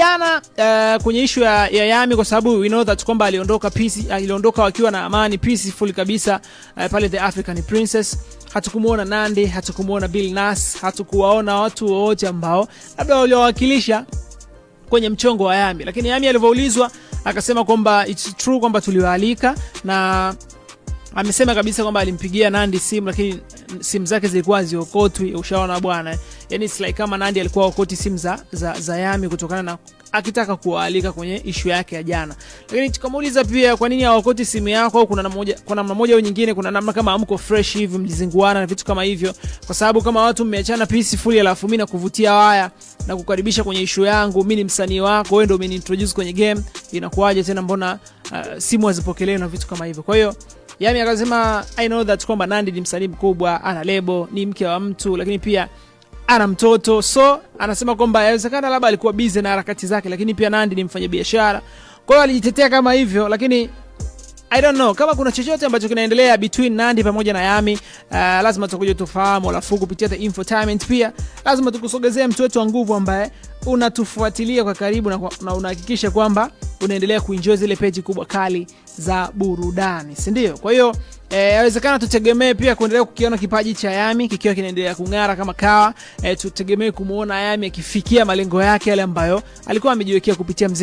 jana uh, kwenye ishu ya, ya Yami kwa sababu we know that kwamba aliondoka peace, aliondoka wakiwa na amani peaceful kabisa uh, pale The African Princess. Hatukumuona Nandi, hatukumuona Bill Nass, hatukuwaona watu wote ambao labda waliowakilisha kwenye mchongo wa Yami, lakini Yami alivyoulizwa akasema kwamba it's true kwamba tuliwaalika na amesema kabisa kwamba alimpigia Nandi simu lakini simu zake zilikuwa haziokotwi, ushaona bwana. Yani it's like kama Nandy alikuwa okoti simu za, za, za Yami kutokana na akitaka kuwaalika kwenye ishu yake ya jana. Lakini tukamuuliza pia kwa nini hawakoti simu yako, au kuna namna kwa namna moja au nyingine, kuna namna kama amko fresh hivi mlizinguana na vitu kama hivyo, kwa sababu kama watu mmeachana peacefully, alafu mimi nakuvutia waya na kukaribisha kwenye ishu yangu, mimi ni msanii wako, wewe ndio umeniintroduce kwenye game, inakuwaje tena? Mbona uh, simu hazipokelewi na vitu kama hivyo? Kwa hiyo Yami akasema I know that kwamba Nandy ni msanii mkubwa, ana lebo, ni mke wa mtu, lakini pia ana mtoto. So anasema kwamba yawezekana labda alikuwa busy na harakati zake, lakini pia Nandy ni mfanyabiashara. Kwa hiyo alijitetea kama hivyo, lakini I don't know kama kuna chochote ambacho kinaendelea between Nandy pamoja na Yami. Uh, lazima tukuje tufahamu, alafu kupitia the infotainment pia lazima tukusogezee mtu wetu wa nguvu ambaye unatufuatilia kwa karibu na, na unahakikisha kwamba unaendelea kuenjoy zile peji kubwa kali za burudani, si ndio? Kwa hiyo eh, yawezekana e, tutegemee pia kuendelea kukiona kipaji cha Yami kikiwa kinaendelea kung'ara kama kawa. E, tutegemee kumwona Yami akifikia malengo yake yale ambayo alikuwa amejiwekea kupitia mziki.